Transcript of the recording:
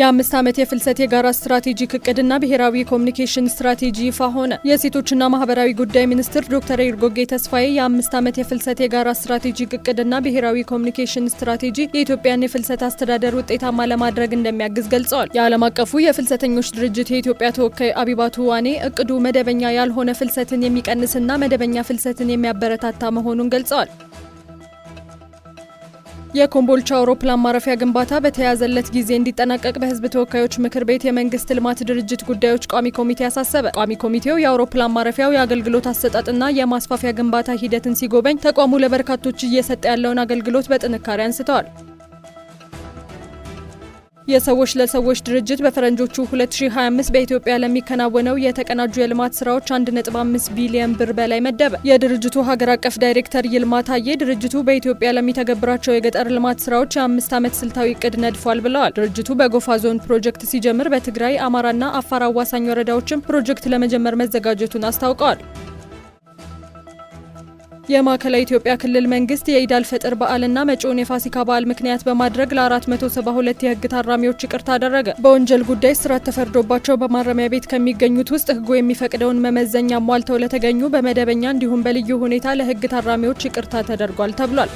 የአምስት ዓመት የፍልሰት የጋራ ስትራቴጂክ እቅድና ብሔራዊ ኮሚኒኬሽን ስትራቴጂ ይፋ ሆነ። የሴቶችና ማህበራዊ ጉዳይ ሚኒስትር ዶክተር ኤርጎጌ ተስፋዬ የአምስት ዓመት የፍልሰት የጋራ ስትራቴጂክ እቅድና ብሔራዊ ኮሚኒኬሽን ስትራቴጂ የኢትዮጵያን የፍልሰት አስተዳደር ውጤታማ ለማድረግ እንደሚያግዝ ገልጸዋል። የዓለም አቀፉ የፍልሰተኞች ድርጅት የኢትዮጵያ ተወካይ አቢባቱ ዋኔ እቅዱ መደበኛ ያልሆነ ፍልሰትን የሚቀንስና መደበኛ ፍልሰትን የሚያበረታታ መሆኑን ገልጸዋል። የኮምቦልቻ አውሮፕላን ማረፊያ ግንባታ በተያዘለት ጊዜ እንዲጠናቀቅ በህዝብ ተወካዮች ምክር ቤት የመንግስት ልማት ድርጅት ጉዳዮች ቋሚ ኮሚቴ አሳሰበ። ቋሚ ኮሚቴው የአውሮፕላን ማረፊያው የአገልግሎት አሰጣጥና የማስፋፊያ ግንባታ ሂደትን ሲጎበኝ ተቋሙ ለበርካቶች እየሰጠ ያለውን አገልግሎት በጥንካሬ አንስተዋል። የሰዎች ለሰዎች ድርጅት በፈረንጆቹ 2025 በኢትዮጵያ ለሚከናወነው የተቀናጁ የልማት ስራዎች 1.5 ቢሊዮን ብር በላይ መደበ። የድርጅቱ ሀገር አቀፍ ዳይሬክተር ይልማ ታዬ ድርጅቱ በኢትዮጵያ ለሚተገብራቸው የገጠር ልማት ስራዎች የአምስት ዓመት ስልታዊ እቅድ ነድፏል ብለዋል። ድርጅቱ በጎፋ ዞን ፕሮጀክት ሲጀምር በትግራይ አማራና አፋር አዋሳኝ ወረዳዎችም ፕሮጀክት ለመጀመር መዘጋጀቱን አስታውቀዋል። የማዕከላዊ ኢትዮጵያ ክልል መንግስት የኢዳል ፈጥር በዓልና መጪውን የፋሲካ በዓል ምክንያት በማድረግ ለ472 የህግ ታራሚዎች ይቅርታ አደረገ። በወንጀል ጉዳይ እስራት ተፈርዶባቸው በማረሚያ ቤት ከሚገኙት ውስጥ ህጉ የሚፈቅደውን መመዘኛ ሟልተው ለተገኙ በመደበኛ እንዲሁም በልዩ ሁኔታ ለህግ ታራሚዎች ይቅርታ ተደርጓል ተብሏል።